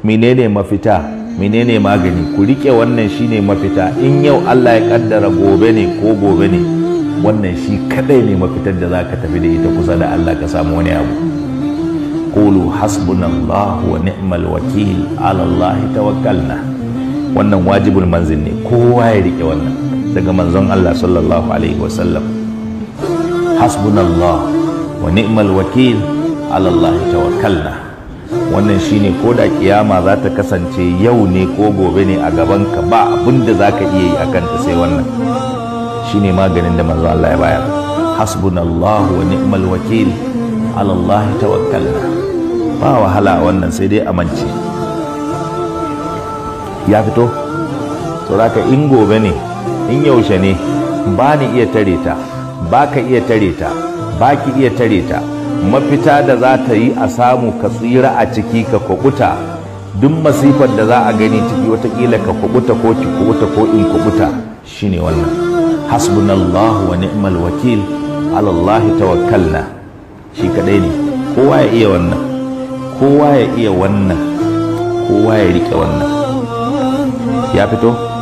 menene mafita menene magani ku rike wannan shine mafita in yau Allah ya kaddara gobe ne ko gobe ne wannan shi kadai ne mafitar da zaka tafi da ita kusa da Allah ka samu wani abu qulu hasbunallahu wa ni'mal wakil ala Allah tawakkalna wannan wajibul manzil ne kowa ya rike wannan daga manzon Allah sallallahu alaihi wasallam hasbunallahu wa ni'mal wakil ala Allah tawakkalna wannan shine ko da kiyama za ta kasance yau ne ko gobe ne a gaban ka ba abin da za ka iya yi a kanta sai wannan shine maganin da manzo Allah ya bayar hasbunallahu wa ni'mal wakil ala Allah tawakkalna ba wahala wannan sai dai amince ya fito to zaka in gobe ne in yaushe ne ba ni iya tare ta ba ka iya tare ta ba ki iya tare ta mafita da za ta yi a samu ka tsira a ciki ka kubuta duk masifar da za a gani ciki watakila ka kubuta ko ki kubuta ko in kubuta shine wannan hasbunallahu wa ni'mal wakil alallahi tawakkalna shi kadai ne kowa ya iya wannan kowa ya iya wannan kowa ya rike wannan ya fito